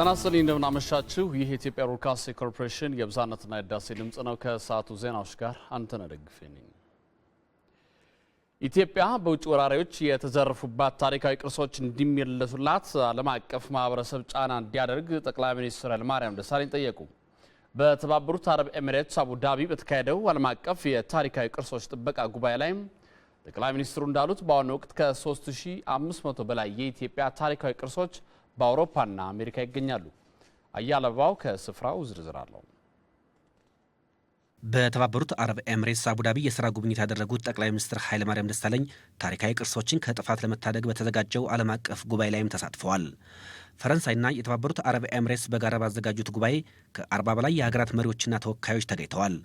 ጤና ይስጥልኝ እንደምናመሻችሁ። ይህ የኢትዮጵያ ብሮድካስቲንግ ኮርፖሬሽን የብዝሃነትና የዳሴ ድምፅ ነው። ከሰዓቱ ዜናዎች ጋር አንተነህ ደግፌ ነኝ። ኢትዮጵያ በውጭ ወራሪዎች የተዘረፉባት ታሪካዊ ቅርሶች እንዲመለሱላት ዓለም አቀፍ ማህበረሰብ ጫና እንዲያደርግ ጠቅላይ ሚኒስትር ኃይለማርያም ደሳለኝ ጠየቁ። በተባበሩት አረብ ኤሚሬትስ አቡ ዳቢ በተካሄደው ዓለም አቀፍ የታሪካዊ ቅርሶች ጥበቃ ጉባኤ ላይም ጠቅላይ ሚኒስትሩ እንዳሉት በአሁኑ ወቅት ከ3500 በላይ የኢትዮጵያ ታሪካዊ ቅርሶች በአውሮፓና አሜሪካ ይገኛሉ። አያለባው ከስፍራው ዝርዝር አለው። በተባበሩት አረብ ኤምሬትስ አቡዳቢ የስራ ጉብኝት ያደረጉት ጠቅላይ ሚኒስትር ኃይለማርያም ደሳለኝ ታሪካዊ ቅርሶችን ከጥፋት ለመታደግ በተዘጋጀው ዓለም አቀፍ ጉባኤ ላይም ተሳትፈዋል። ፈረንሳይና የተባበሩት አረብ ኤምሬትስ በጋራ ባዘጋጁት ጉባኤ ከ40 በላይ የሀገራት መሪዎችና ተወካዮች ተገኝተዋል።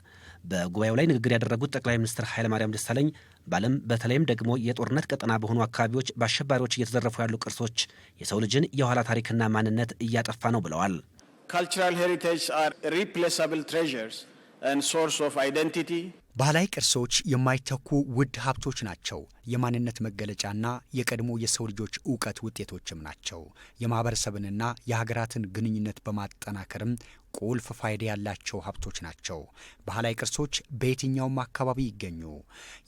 በጉባኤው ላይ ንግግር ያደረጉት ጠቅላይ ሚኒስትር ኃይለማርያም ደሳለኝ በዓለም በተለይም ደግሞ የጦርነት ቀጠና በሆኑ አካባቢዎች በአሸባሪዎች እየተዘረፉ ያሉ ቅርሶች የሰው ልጅን የኋላ ታሪክና ማንነት እያጠፋ ነው ብለዋል። ካልቸራል ሄሪቴጅ አር ሪፕሌሳብል ትሬዠርስ አንድ ሶርስ ኦፍ አይደንቲቲ ባህላዊ ቅርሶች የማይተኩ ውድ ሀብቶች ናቸው። የማንነት መገለጫና የቀድሞ የሰው ልጆች እውቀት ውጤቶችም ናቸው። የማህበረሰብንና የሀገራትን ግንኙነት በማጠናከርም ቁልፍ ፋይዳ ያላቸው ሀብቶች ናቸው። ባህላዊ ቅርሶች በየትኛውም አካባቢ ይገኙ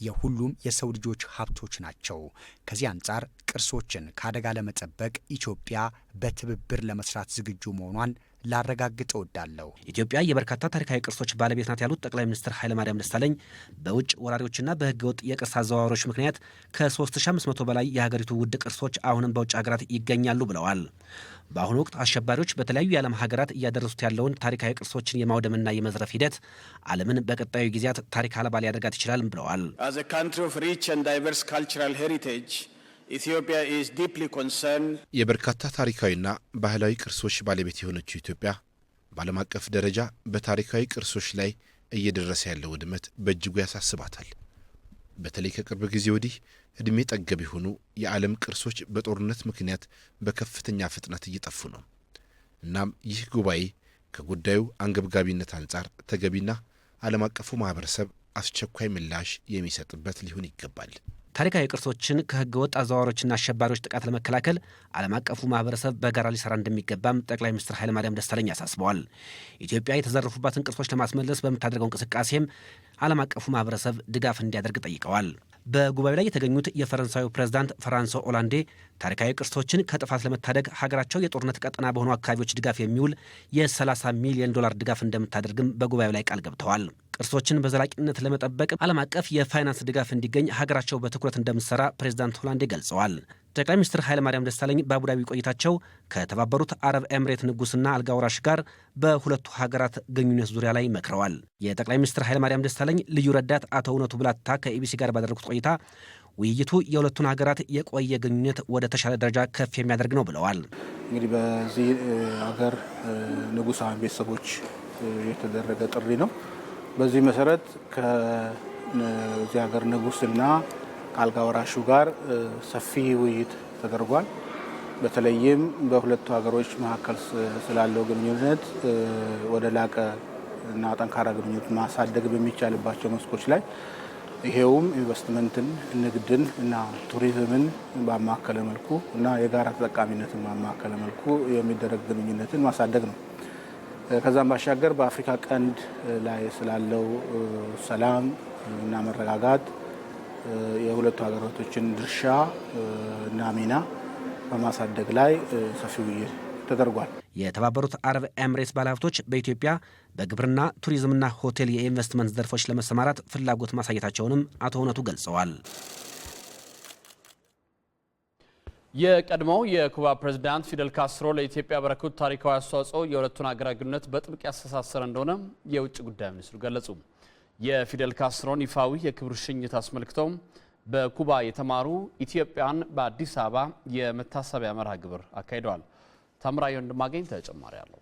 የሁሉም የሰው ልጆች ሀብቶች ናቸው። ከዚህ አንጻር ቅርሶችን ከአደጋ ለመጠበቅ ኢትዮጵያ በትብብር ለመስራት ዝግጁ መሆኗን ላረጋግጥ እወዳለሁ። ኢትዮጵያ የበርካታ ታሪካዊ ቅርሶች ባለቤት ናት ያሉት ጠቅላይ ሚኒስትር ኃይለማርያም ደሳለኝ በውጭ ወራሪዎችና በህገወጥ የቅርስ አዘዋዋሪዎች ምክንያት ከ3500 በላይ የሀገሪቱ ውድ ቅርሶች አሁንም በውጭ ሀገራት ይገኛሉ ብለዋል። በአሁኑ ወቅት አሸባሪዎች በተለያዩ የዓለም ሀገራት እያደረሱት ያለውን ታሪካዊ ቅርሶችን የማውደምና የመዝረፍ ሂደት ዓለምን በቀጣዩ ጊዜያት ታሪክ አልባ ሊያደርጋት ይችላል ብለዋል። የበርካታ ታሪካዊና ባህላዊ ቅርሶች ባለቤት የሆነችው ኢትዮጵያ በዓለም አቀፍ ደረጃ በታሪካዊ ቅርሶች ላይ እየደረሰ ያለው ውድመት በእጅጉ ያሳስባታል። በተለይ ከቅርብ ጊዜ ወዲህ ዕድሜ ጠገብ የሆኑ የዓለም ቅርሶች በጦርነት ምክንያት በከፍተኛ ፍጥነት እየጠፉ ነው። እናም ይህ ጉባኤ ከጉዳዩ አንገብጋቢነት አንጻር ተገቢና ዓለም አቀፉ ማኅበረሰብ አስቸኳይ ምላሽ የሚሰጥበት ሊሆን ይገባል። ታሪካዊ ቅርሶችን ከህገወጥ አዘዋዋሪዎችና አሸባሪዎች ጥቃት ለመከላከል ዓለም አቀፉ ማህበረሰብ በጋራ ሊሰራ እንደሚገባም ጠቅላይ ሚኒስትር ኃይለማርያም ደሳለኝ አሳስበዋል። ኢትዮጵያ የተዘረፉባትን ቅርሶች ለማስመለስ በምታደርገው እንቅስቃሴም ዓለም አቀፉ ማህበረሰብ ድጋፍ እንዲያደርግ ጠይቀዋል። በጉባኤው ላይ የተገኙት የፈረንሳዩ ፕሬዝዳንት ፍራንሶ ኦላንዴ ታሪካዊ ቅርሶችን ከጥፋት ለመታደግ ሀገራቸው የጦርነት ቀጠና በሆኑ አካባቢዎች ድጋፍ የሚውል የ30 ሚሊዮን ዶላር ድጋፍ እንደምታደርግም በጉባኤው ላይ ቃል ገብተዋል። ቅርሶችን በዘላቂነት ለመጠበቅ ዓለም አቀፍ የፋይናንስ ድጋፍ እንዲገኝ ሀገራቸው በትኩረት እንደምትሰራ ፕሬዝዳንት ሆላንዴ ገልጸዋል። ጠቅላይ ሚኒስትር ኃይለማርያም ደሳለኝ በአቡዳቢ ቆይታቸው ከተባበሩት አረብ ኤምሬት ንጉሥና አልጋ ጋር በሁለቱ ሀገራት ግንኙነት ዙሪያ ላይ መክረዋል። የጠቅላይ ሚኒስትር ኃይለማርያም ደሳለኝ ልዩ ረዳት አቶ እውነቱ ብላታ ከኢቢሲ ጋር ባደረጉት ቆይታ ውይይቱ የሁለቱን ሀገራት የቆየ ግንኙነት ወደ ተሻለ ደረጃ ከፍ የሚያደርግ ነው ብለዋል። እንግዲህ በዚህ ሀገር ንጉሳን ቤተሰቦች የተደረገ ጥሪ ነው። በዚህ መሰረት ከዚህ ሀገር ንጉሥና ከአልጋ ወራሹ ጋር ሰፊ ውይይት ተደርጓል። በተለይም በሁለቱ ሀገሮች መካከል ስላለው ግንኙነት ወደ ላቀ እና ጠንካራ ግንኙነት ማሳደግ በሚቻልባቸው መስኮች ላይ ይሄውም ኢንቨስትመንትን፣ ንግድን እና ቱሪዝምን ባማከለ መልኩ እና የጋራ ተጠቃሚነትን ባማከለ መልኩ የሚደረግ ግንኙነትን ማሳደግ ነው። ከዛም ባሻገር በአፍሪካ ቀንድ ላይ ስላለው ሰላም እና መረጋጋት የሁለቱ ሀገራቶችን ድርሻ እና ሚና በማሳደግ ላይ ሰፊ ውይይት ተደርጓል። የተባበሩት አረብ ኤምሬስ ባለሀብቶች በኢትዮጵያ በግብርና ቱሪዝምና ሆቴል የኢንቨስትመንት ዘርፎች ለመሰማራት ፍላጎት ማሳየታቸውንም አቶ እውነቱ ገልጸዋል። የቀድሞው የኩባ ፕሬዝዳንት ፊደል ካስትሮ ለኢትዮጵያ ያበረከቱት ታሪካዊ አስተዋጽኦ የሁለቱን ሀገራት ግንኙነት በጥብቅ ያስተሳሰረ እንደሆነ የውጭ ጉዳይ ሚኒስትሩ ገለጹ። የፊደል ካስትሮን ይፋዊ የክብር ሽኝት አስመልክተው በኩባ የተማሩ ኢትዮጵያን በአዲስ አበባ የመታሰቢያ መርሃ ግብር አካሂደዋል። ተምራዊ ወንድማገኝ ተጨማሪ አለው።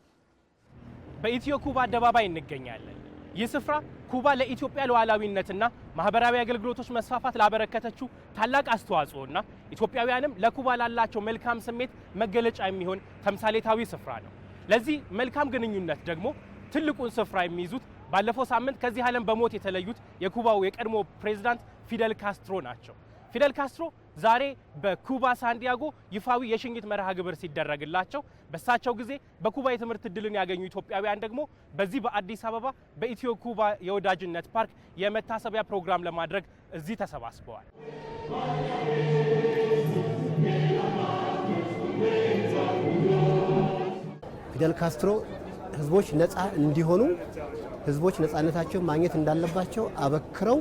በኢትዮ ኩባ አደባባይ እንገኛለን። ይህ ስፍራ ኩባ ለኢትዮጵያ ሉዓላዊነትና ማህበራዊ አገልግሎቶች መስፋፋት ላበረከተችው ታላቅ አስተዋጽኦና ኢትዮጵያውያንም ለኩባ ላላቸው መልካም ስሜት መገለጫ የሚሆን ተምሳሌታዊ ስፍራ ነው። ለዚህ መልካም ግንኙነት ደግሞ ትልቁን ስፍራ የሚይዙት ባለፈው ሳምንት ከዚህ ዓለም በሞት የተለዩት የኩባው የቀድሞ ፕሬዝዳንት ፊደል ካስትሮ ናቸው። ፊደል ካስትሮ ዛሬ በኩባ ሳንዲያጎ ይፋዊ የሽኝት መርሃ ግብር ሲደረግላቸው በሳቸው ጊዜ በኩባ የትምህርት እድልን ያገኙ ኢትዮጵያውያን ደግሞ በዚህ በአዲስ አበባ በኢትዮ ኩባ የወዳጅነት ፓርክ የመታሰቢያ ፕሮግራም ለማድረግ እዚህ ተሰባስበዋል። ፊደል ካስትሮ ህዝቦች ነፃ እንዲሆኑ ህዝቦች ነፃነታቸውን ማግኘት እንዳለባቸው አበክረው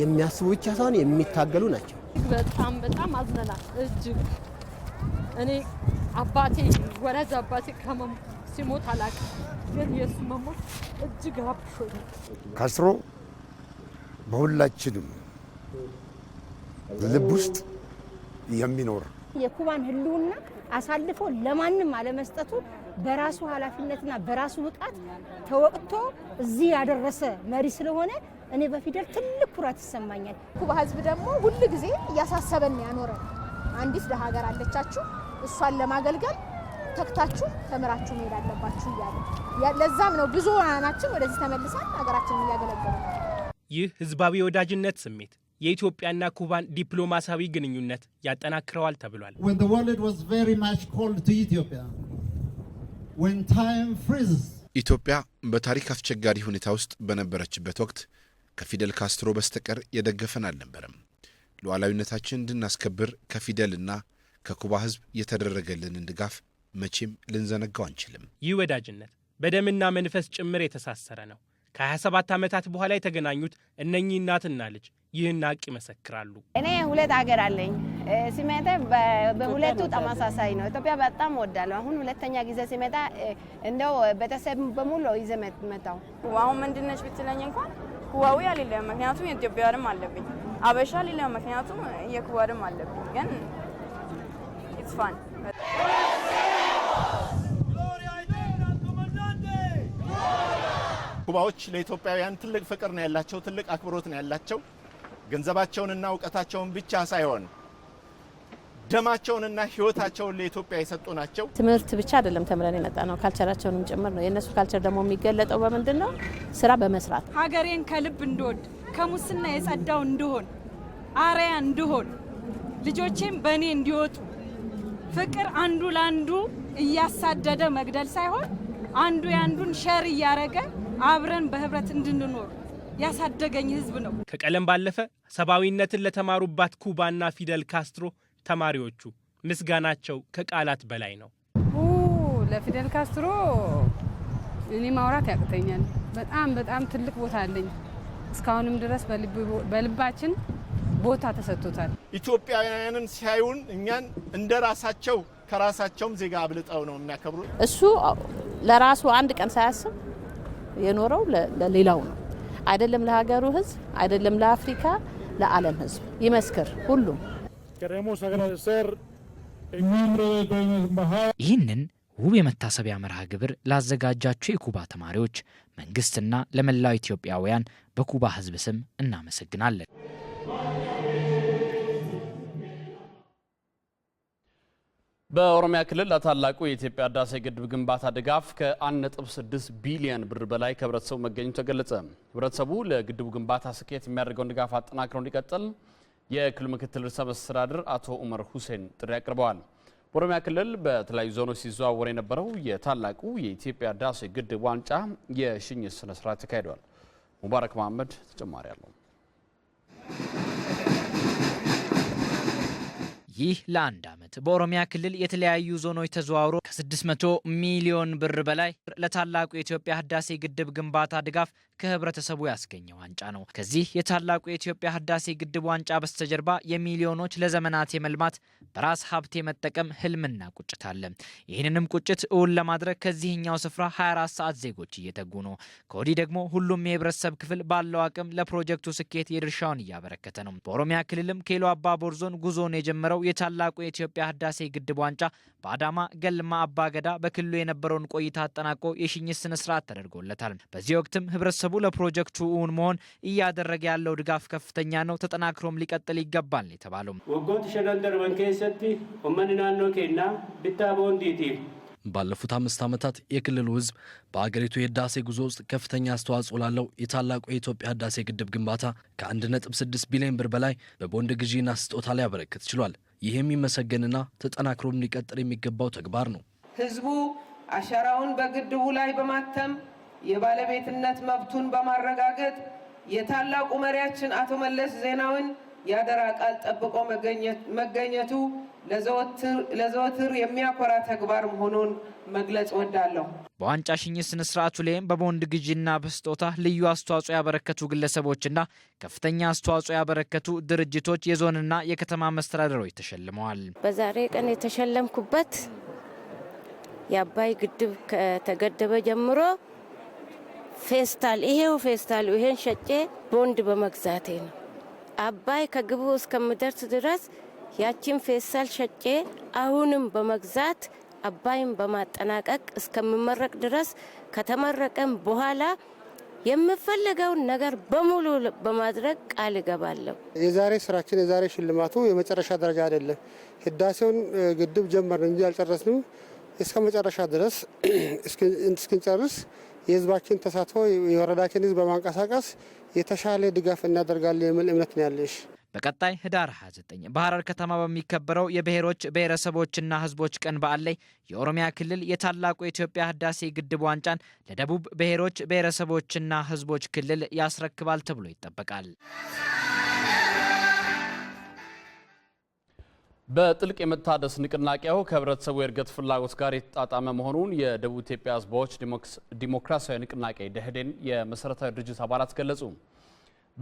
የሚያስቡ ብቻ ሳይሆን የሚታገሉ ናቸው። በጣም በጣም አዝነናል። እጅግ እኔ አባቴ ወላጅ አባቴ ከመም ሲሞት አላቅ፣ ግን የእሱ መሞት እጅግ አብሾ ካስትሮ በሁላችንም ልብ ውስጥ የሚኖር የኩባን ህልውና አሳልፎ ለማንም አለመስጠቱ በራሱ ኃላፊነትና በራሱ ብቃት ተወቅቶ እዚህ ያደረሰ መሪ ስለሆነ እኔ በፊደል ትልቅ ኩራት ይሰማኛል። ኩባ ህዝብ ደግሞ ሁል ጊዜ እያሳሰበን ያኖረ አንዲት ደሃ ሀገር አለቻችሁ፣ እሷን ለማገልገል ተክታችሁ ተምራችሁ መሄድ አለባችሁ እያለ ለዛም ነው ብዙ ናችን ወደዚህ ተመልሰን ሀገራችንን እያገለገሉ ይህ ህዝባዊ የወዳጅነት ስሜት የኢትዮጵያና ኩባን ዲፕሎማሲያዊ ግንኙነት ያጠናክረዋል ተብሏል። ኢትዮጵያ በታሪክ አስቸጋሪ ሁኔታ ውስጥ በነበረችበት ወቅት ከፊደል ካስትሮ በስተቀር የደገፈን አልነበረም። ሉዓላዊነታችን እንድናስከብር ከፊደልና ከኩባ ሕዝብ የተደረገልንን ድጋፍ መቼም ልንዘነጋው አንችልም። ይህ ወዳጅነት በደምና መንፈስ ጭምር የተሳሰረ ነው። ከ27 ዓመታት በኋላ የተገናኙት እነኚህ እናትና ልጅ ይህን አቅ ይመሰክራሉ። እኔ ሁለት ሀገር አለኝ። ሲመጣ በሁለቱ ተመሳሳይ ነው። ኢትዮጵያ በጣም ወዳለሁ። አሁን ሁለተኛ ጊዜ ሲመጣ እንደው ቤተሰብ በሙሉ ይዘ መጣው። አሁን ምንድነች ብትለኝ እንኳን ኩዋዊ አልልም፣ ምክንያቱም የኢትዮጵያውያንም አለብኝ። አበሻ አልልም፣ ምክንያቱም የኩዋርም አለብኝ። ግን ኢትፋን ኩባዎች ለኢትዮጵያውያን ትልቅ ፍቅር ነው ያላቸው፣ ትልቅ አክብሮት ነው ያላቸው። ገንዘባቸውንና እውቀታቸውን ብቻ ሳይሆን ደማቸውንና ህይወታቸውን ለኢትዮጵያ የሰጡ ናቸው። ትምህርት ብቻ አይደለም ተምረን የመጣ ነው፣ ካልቸራቸውንም ጭምር ነው። የእነሱ ካልቸር ደግሞ የሚገለጠው በምንድን ነው? ስራ በመስራት ሀገሬን ከልብ እንድወድ ከሙስና የጸዳው እንድሆን አርያ እንድሆን ልጆቼም በእኔ እንዲወጡ ፍቅር አንዱ ለአንዱ እያሳደደ መግደል ሳይሆን አንዱ የአንዱን ሸር እያረገ አብረን በህብረት እንድንኖር ያሳደገኝ ህዝብ ነው። ከቀለም ባለፈ ሰብአዊነትን ለተማሩባት ኩባና ፊደል ካስትሮ ተማሪዎቹ ምስጋናቸው ከቃላት በላይ ነው። ለፊደል ካስትሮ እኔ ማውራት ያቅተኛል። በጣም በጣም ትልቅ ቦታ አለኝ። እስካሁንም ድረስ በልባችን ቦታ ተሰጥቶታል። ኢትዮጵያውያንን ሲያዩን እኛን እንደ ራሳቸው ከራሳቸውም ዜጋ አብልጠው ነው የሚያከብሩ። እሱ ለራሱ አንድ ቀን ሳያስብ የኖረው ለሌላው ነው አይደለም፣ ለሀገሩ ሕዝብ አይደለም፣ ለአፍሪካ ለዓለም ሕዝብ ይመስክር ሁሉም። ይህንን ውብ የመታሰቢያ መርሃ ግብር ላዘጋጃቸው የኩባ ተማሪዎች መንግስትና ለመላው ኢትዮጵያውያን በኩባ ህዝብ ስም እናመሰግናለን። በኦሮሚያ ክልል ለታላቁ የኢትዮጵያ ህዳሴ ግድብ ግንባታ ድጋፍ ከ1.6 ቢሊዮን ብር በላይ ከህብረተሰቡ መገኘቱ ተገለጸ። ህብረተሰቡ ለግድቡ ግንባታ ስኬት የሚያደርገውን ድጋፍ አጠናክረው እንዲቀጥል የክልሉ ምክትል ርዕሰ መስተዳድር አቶ ኡመር ሁሴን ጥሪ አቅርበዋል። በኦሮሚያ ክልል በተለያዩ ዞኖች ሲዘዋወር የነበረው የታላቁ የኢትዮጵያ ህዳሴ ግድብ ዋንጫ የሽኝት ስነስርዓት ተካሂዷል። ሙባረክ መሀመድ ተጨማሪ አለው። ይህ ለአንድ ዓመት በኦሮሚያ ክልል የተለያዩ ዞኖች ተዘዋውሮ ከ600 ሚሊዮን ብር በላይ ለታላቁ የኢትዮጵያ ህዳሴ ግድብ ግንባታ ድጋፍ ከህብረተሰቡ ያስገኘው ዋንጫ ነው። ከዚህ የታላቁ የኢትዮጵያ ህዳሴ ግድብ ዋንጫ በስተጀርባ የሚሊዮኖች ለዘመናት የመልማት በራስ ሀብት የመጠቀም ህልምና ቁጭት አለ። ይህንንም ቁጭት እውን ለማድረግ ከዚህኛው ስፍራ 24 ሰዓት ዜጎች እየተጉ ነው። ከወዲህ ደግሞ ሁሉም የህብረተሰብ ክፍል ባለው አቅም ለፕሮጀክቱ ስኬት የድርሻውን እያበረከተ ነው። በኦሮሚያ ክልልም ኬሎ አባ ቦር ዞን ጉዞን የጀመረው የታላቁ የኢትዮጵያ ህዳሴ ግድብ ዋንጫ በአዳማ ገልማ አባገዳ በክልሉ የነበረውን ቆይታ አጠናቆ የሽኝት ስነስርዓት ተደርጎለታል። በዚህ ወቅትም ህብረተሰቡ ለፕሮጀክቱ እውን መሆን እያደረገ ያለው ድጋፍ ከፍተኛ ነው፣ ተጠናክሮም ሊቀጥል ይገባል የተባለው ወጎት ሸገንደር መንከሰቲ ኦመንናኖ ኬና ብታ ባለፉት አምስት ዓመታት የክልሉ ህዝብ በአገሪቱ የህዳሴ ጉዞ ውስጥ ከፍተኛ አስተዋጽኦ ላለው የታላቁ የኢትዮጵያ ህዳሴ ግድብ ግንባታ ከ1.6 ቢሊዮን ብር በላይ በቦንድ ግዢና ስጦታ ላይ ያበረክት ችሏል። ይህ የሚመሰገንና ተጠናክሮ ሊቀጥል የሚገባው ተግባር ነው። ህዝቡ አሻራውን በግድቡ ላይ በማተም የባለቤትነት መብቱን በማረጋገጥ የታላቁ መሪያችን አቶ መለስ ዜናዊን የአደራ ቃል ጠብቆ መገኘቱ ለዘወትር የሚያኮራ ተግባር መሆኑን መግለጽ ወዳለሁ። በዋንጫ ሽኝት ስነ ስርዓቱ ላይም በቦንድ ግዢና በስጦታ ልዩ አስተዋጽኦ ያበረከቱ ግለሰቦችና ከፍተኛ አስተዋጽኦ ያበረከቱ ድርጅቶች የዞንና የከተማ መስተዳደሮች ተሸልመዋል። በዛሬ ቀን የተሸለምኩበት የአባይ ግድብ ከተገደበ ጀምሮ ፌስታል ይሄው ፌስታሉ ይሄን ሸጬ ቦንድ በመግዛቴ ነው። አባይ ከግቡ እስከምደርስ ድረስ ያቺን ፌሳል ሸጬ አሁንም በመግዛት አባይን በማጠናቀቅ እስከምመረቅ ድረስ ከተመረቀም በኋላ የምፈልገውን ነገር በሙሉ በማድረግ ቃል እገባለሁ። የዛሬ ስራችን የዛሬ ሽልማቱ የመጨረሻ ደረጃ አይደለም። ህዳሴውን ግድብ ጀመርን እንጂ አልጨረስንም። እስከ መጨረሻ ድረስ እስክንጨርስ የህዝባችን ተሳትፎ የወረዳችን ህዝብ በማንቀሳቀስ የተሻለ ድጋፍ እናደርጋለን የሚል እምነት ነው ያለሽ። በቀጣይ ህዳር 29 በሐረር ከተማ በሚከበረው የብሔሮች ብሔረሰቦችና ህዝቦች ቀን በዓል ላይ የኦሮሚያ ክልል የታላቁ የኢትዮጵያ ህዳሴ ግድብ ዋንጫን ለደቡብ ብሔሮች ብሔረሰቦችና ህዝቦች ክልል ያስረክባል ተብሎ ይጠበቃል። በጥልቅ የመታደስ ንቅናቄው ከህብረተሰቡ የእድገት ፍላጎት ጋር የተጣጣመ መሆኑን የደቡብ ኢትዮጵያ ህዝቦች ዲሞክራሲያዊ ንቅናቄ ደህዴን የመሰረታዊ ድርጅት አባላት ገለጹ።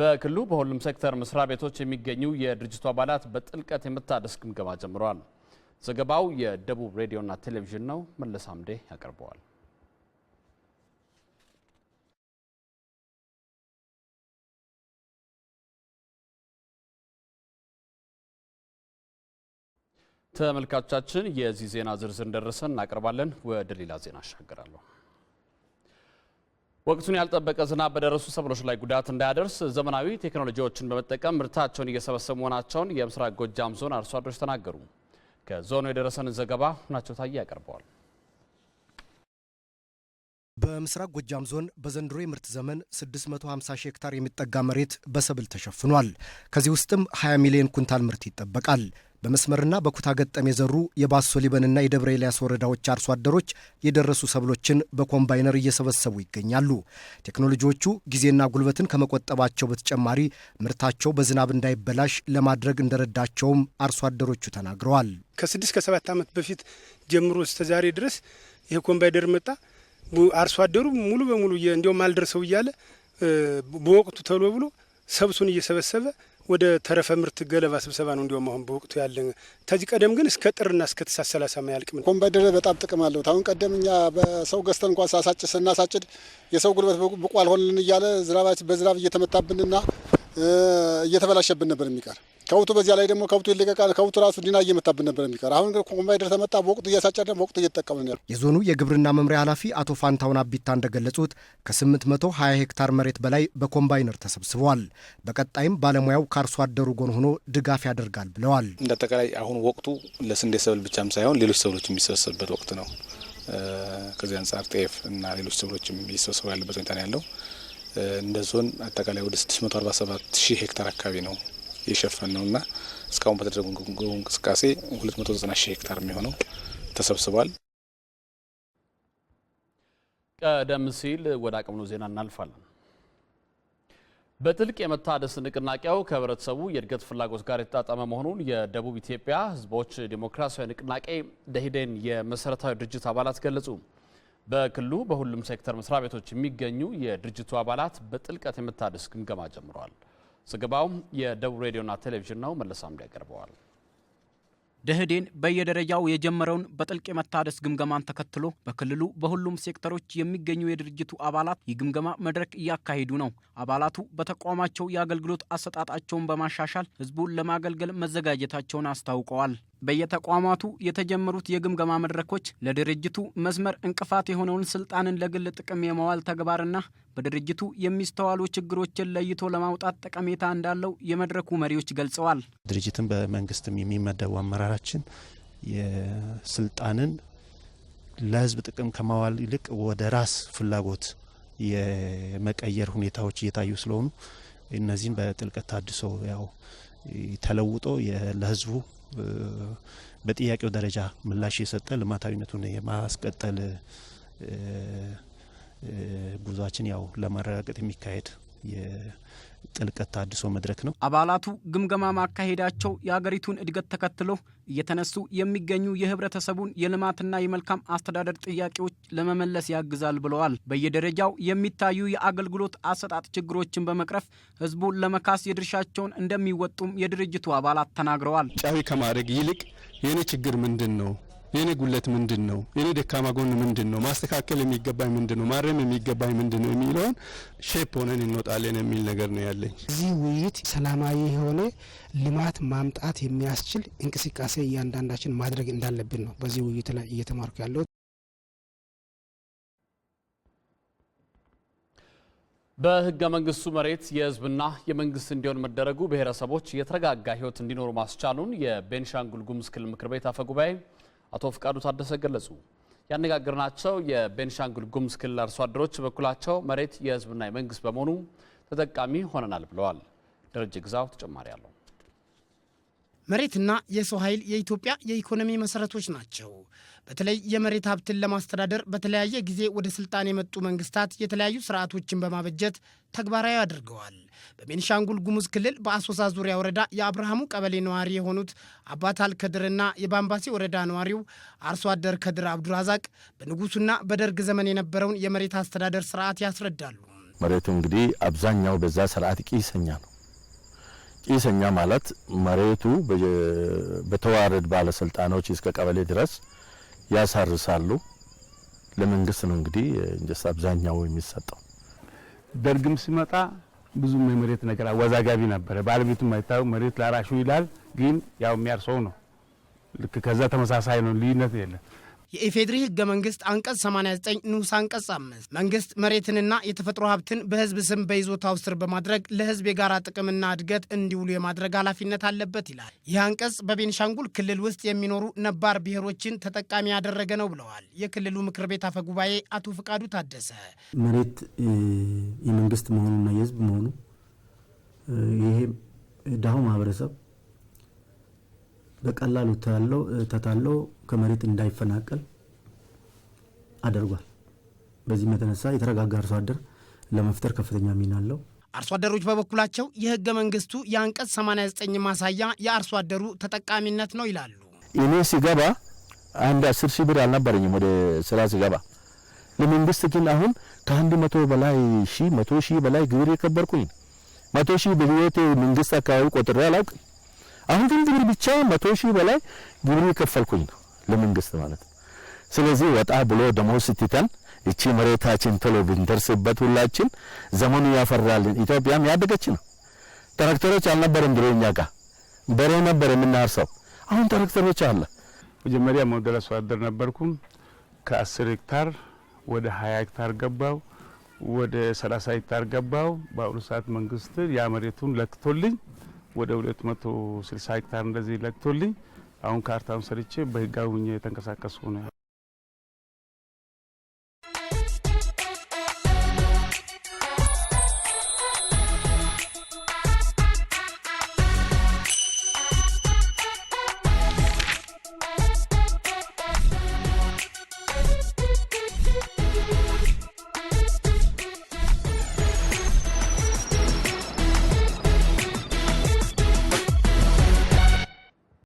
በክልሉ በሁሉም ሴክተር መስሪያ ቤቶች የሚገኙ የድርጅቱ አባላት በጥልቀት የመታደስ ግምገማ ጀምረዋል። ዘገባው የደቡብ ሬዲዮና ቴሌቪዥን ነው። መለስ አምዴ ያቀርበዋል። ተመልካቾቻችን የዚህ ዜና ዝርዝር እንደደረሰን እናቀርባለን። ወደ ሌላ ዜና አሻገራለሁ። ወቅቱን ያልጠበቀ ዝናብ በደረሱ ሰብሎች ላይ ጉዳት እንዳያደርስ ዘመናዊ ቴክኖሎጂዎችን በመጠቀም ምርታቸውን እየሰበሰቡ መሆናቸውን የምስራቅ ጎጃም ዞን አርሶ አደሮች ተናገሩ። ከዞኑ የደረሰንን ዘገባ ሁናቸው ታዬ ያቀርበዋል። በምስራቅ ጎጃም ዞን በዘንድሮ የምርት ዘመን 650 ሺህ ሄክታር የሚጠጋ መሬት በሰብል ተሸፍኗል። ከዚህ ውስጥም 20 ሚሊዮን ኩንታል ምርት ይጠበቃል። በመስመርና በኩታ ገጠም የዘሩ የባሶ ሊበንና የደብረ ኤልያስ ወረዳዎች አርሶ አደሮች የደረሱ ሰብሎችን በኮምባይነር እየሰበሰቡ ይገኛሉ። ቴክኖሎጂዎቹ ጊዜና ጉልበትን ከመቆጠባቸው በተጨማሪ ምርታቸው በዝናብ እንዳይበላሽ ለማድረግ እንደረዳቸውም አርሶ አደሮቹ ተናግረዋል። ከስድስት ከሰባት ዓመት በፊት ጀምሮ እስከዛሬ ድረስ ይሄ ኮምባይነር መጣ። አርሶ አደሩ ሙሉ በሙሉ እንዲያውም አልደርሰው እያለ በወቅቱ ተሎ ብሎ ሰብሱን እየሰበሰበ ወደ ተረፈ ምርት ገለባ ስብሰባ ነው። እንዲሁም አሁን በወቅቱ ያለ ከዚህ ቀደም ግን እስከ ጥርና እስከ ትሳት ሰላሳ አያልቅም። ኮምባይነር በጣም ጥቅም አለው። አሁን ቀደም እኛ በሰው ገዝተን እንኳን ሳሳጭ ስናሳጭድ የሰው ጉልበት ብቁ አልሆንልን እያለ ዝናባችን በዝናብ እየተመታብንና እየተበላሸብን ነበር የሚቀር ከብቱ በዚያ ላይ ደግሞ ከብቱ ይለቀቃል። ከብቱ ራሱ ዲና እየመታብን ነበር የሚቀር አሁን ኮምባይደር ተመጣ በወቅቱ እያሳጨር በወቅቱ እየተጠቀምን ያሉ የዞኑ የግብርና መምሪያ ኃላፊ አቶ ፋንታውን አቢታ እንደገለጹት ከ820 ሄክታር መሬት በላይ በኮምባይነር ተሰብስበዋል። በቀጣይም ባለሙያው ከአርሶ አደሩ ጎን ሆኖ ድጋፍ ያደርጋል ብለዋል። እንደ አጠቃላይ አሁን ወቅቱ ለስንዴ ሰብል ብቻም ሳይሆን ሌሎች ሰብሎች የሚሰበሰብበት ወቅት ነው። ከዚህ አንጻር ጤፍ እና ሌሎች ሰብሎችም እየሰበሰቡ ያለበት ሁኔታ ነው ያለው። እንደ ዞን አጠቃላይ ወደ 647 ሺህ ሄክታር አካባቢ ነው የሸፈን ነው እና እስካሁን በተደረጉ እንቅስቃሴ 290 ሺህ ሄክታር የሚሆነው ተሰብስቧል። ቀደም ሲል ወደ ነው ዜና እናልፋለን። በጥልቅ የመታደስ ንቅናቄው ከህብረተሰቡ የእድገት ፍላጎት ጋር የተጣጠመ መሆኑን የደቡብ ኢትዮጵያ ህዝቦች ዲሞክራሲያዊ ንቅናቄ ደሂደን የመሰረታዊ ድርጅት አባላት ገለጹ። በክልሉ በሁሉም ሴክተር መስሪያ ቤቶች የሚገኙ የድርጅቱ አባላት በጥልቀት የመታደስ ግምገማ ጀምረዋል። ዘገባውም የደቡብ ሬዲዮና ቴሌቪዥን ነው። መለሳም ያቀርበዋል። ደህዴን በየደረጃው የጀመረውን በጥልቅ የመታደስ ግምገማን ተከትሎ በክልሉ በሁሉም ሴክተሮች የሚገኙ የድርጅቱ አባላት የግምገማ መድረክ እያካሄዱ ነው። አባላቱ በተቋማቸው የአገልግሎት አሰጣጣቸውን በማሻሻል ህዝቡን ለማገልገል መዘጋጀታቸውን አስታውቀዋል። በየተቋማቱ የተጀመሩት የግምገማ መድረኮች ለድርጅቱ መስመር እንቅፋት የሆነውን ስልጣንን ለግል ጥቅም የመዋል ተግባርና በድርጅቱ የሚስተዋሉ ችግሮችን ለይቶ ለማውጣት ጠቀሜታ እንዳለው የመድረኩ መሪዎች ገልጸዋል። ድርጅትን በመንግስትም የሚመደቡ አመራራችን የስልጣንን ለህዝብ ጥቅም ከማዋል ይልቅ ወደ ራስ ፍላጎት የመቀየር ሁኔታዎች እየታዩ ስለሆኑ እነዚህም በጥልቀት ታድሶ ያው ተለውጦ ለህዝቡ በጥያቄው ደረጃ ምላሽ የሰጠ ልማታዊነቱን የማስቀጠል ጉዟችን ያው ለማረጋገጥ የሚካሄድ ጥልቀት ታድሶ መድረክ ነው። አባላቱ ግምገማ ማካሄዳቸው የአገሪቱን እድገት ተከትሎ እየተነሱ የሚገኙ የህብረተሰቡን የልማትና የመልካም አስተዳደር ጥያቄዎች ለመመለስ ያግዛል ብለዋል። በየደረጃው የሚታዩ የአገልግሎት አሰጣጥ ችግሮችን በመቅረፍ ህዝቡን ለመካስ የድርሻቸውን እንደሚወጡም የድርጅቱ አባላት ተናግረዋል። ጫዊ ከማድረግ ይልቅ የኔ ችግር ምንድን ነው የኔ ጉለት ምንድን ነው? የኔ ደካማ ጎን ምንድን ነው? ማስተካከል የሚገባኝ ምንድን ነው? ማረም የሚገባኝ ምንድን ነው? የሚለውን ሼፕ ሆነን እንወጣለን የሚል ነገር ነው ያለኝ። እዚህ ውይይት ሰላማዊ የሆነ ልማት ማምጣት የሚያስችል እንቅስቃሴ እያንዳንዳችን ማድረግ እንዳለብን ነው በዚህ ውይይት ላይ እየተማርኩ ያለሁት። በህገ መንግስቱ መሬት የህዝብና የመንግስት እንዲሆን መደረጉ ብሔረሰቦች የተረጋጋ ህይወት እንዲኖሩ ማስቻሉን የቤንሻንጉል ጉሙዝ ክልል ምክር ቤት አፈ ጉባኤ አቶ ፍቃዱ ታደሰ ገለጹ። ያነጋገርናቸው የቤንሻንጉል ጉምዝ ክልል አርሶ አደሮች በኩላቸው መሬት የህዝብና የመንግስት በመሆኑ ተጠቃሚ ሆነናል ብለዋል። ደረጀ ግዛው ተጨማሪ አለው። መሬትና የሰው ኃይል የኢትዮጵያ የኢኮኖሚ መሰረቶች ናቸው። በተለይ የመሬት ሀብትን ለማስተዳደር በተለያየ ጊዜ ወደ ስልጣን የመጡ መንግስታት የተለያዩ ስርዓቶችን በማበጀት ተግባራዊ አድርገዋል። በቤኒሻንጉል ጉሙዝ ክልል በአሶሳ ዙሪያ ወረዳ የአብርሃሙ ቀበሌ ነዋሪ የሆኑት አባታል አልከድርና የባምባሲ ወረዳ ነዋሪው አርሶ አደር ከድር አብዱራዛቅ በንጉሱና በደርግ ዘመን የነበረውን የመሬት አስተዳደር ስርዓት ያስረዳሉ። መሬቱ እንግዲህ አብዛኛው በዛ ስርዓት ቂሰኛ ነው ጢሰኛ ማለት መሬቱ በተዋረድ ባለስልጣኖች እስከ ቀበሌ ድረስ ያሳርሳሉ። ለመንግስት ነው እንግዲህ እንጀሳ አብዛኛው የሚሰጠው። ደርግም ሲመጣ ብዙም የመሬት ነገር አወዛጋቢ ነበረ። ባለቤቱ አይታወቅ መሬት ላራሹ ይላል፣ ግን ያው የሚያርሰው ነው። ልክ ከዛ ተመሳሳይ ነው፣ ልዩነት የለም። የኢፌድሪ ህገ መንግስት አንቀጽ 89 ንዑስ አንቀጽ 5 መንግስት መሬትንና የተፈጥሮ ሀብትን በህዝብ ስም በይዞታው ስር በማድረግ ለህዝብ የጋራ ጥቅምና እድገት እንዲውሉ የማድረግ ኃላፊነት አለበት ይላል። ይህ አንቀጽ በቤንሻንጉል ክልል ውስጥ የሚኖሩ ነባር ብሔሮችን ተጠቃሚ ያደረገ ነው ብለዋል የክልሉ ምክር ቤት አፈ ጉባኤ አቶ ፍቃዱ ታደሰ። መሬት የመንግስት መሆኑና የህዝብ መሆኑ ይሄ ድሃው ማህበረሰብ በቀላሉ ተታለው ከመሬት እንዳይፈናቀል አድርጓል። በዚህም የተነሳ የተረጋጋ አርሶ አደር ለመፍጠር ከፍተኛ ሚና አለው። አርሶ አደሮች በበኩላቸው የህገ መንግስቱ የአንቀጽ 89 ማሳያ የአርሶ አደሩ ተጠቃሚነት ነው ይላሉ። እኔ ሲገባ አንድ አስር ሺህ ብር አልነበረኝም ወደ ስራ ሲገባ። ለመንግስት ግን አሁን ከአንድ መቶ በላይ ሺህ መቶ ሺህ በላይ ግብር የከበርኩኝ መቶ ሺህ በህይወት መንግስት አካባቢ ቆጥሬ አላውቅም። አሁን ግን ግብር ብቻ መቶ ሺህ በላይ ግብር የከፈልኩኝ ነው። ለመንግስት ማለት ነው። ስለዚህ ወጣ ብሎ ደሞ ስትተን እቺ መሬታችን ቶሎ ብንደርስበት ሁላችን ዘመኑ ያፈራልን። ኢትዮጵያም ያደገች ነው። ትራክተሮች አልነበረም ድሮ እኛ ጋ በሬ ነበር የምናርሰው። አሁን ትራክተሮች አለ። መጀመሪያ መወደላ አርሶ አደር ነበርኩም። ከአስር ሄክታር ወደ ሀያ ሄክታር ገባው፣ ወደ 30 ሄክታር ገባው። በአሁኑ ሰዓት መንግስት ያ መሬቱን ለክቶልኝ ወደ 260 ሄክታር እንደዚህ ለክቶልኝ አሁን ካርታውን ሰርቼ በህጋዊ ሆኜ የተንቀሳቀስኩ ነው።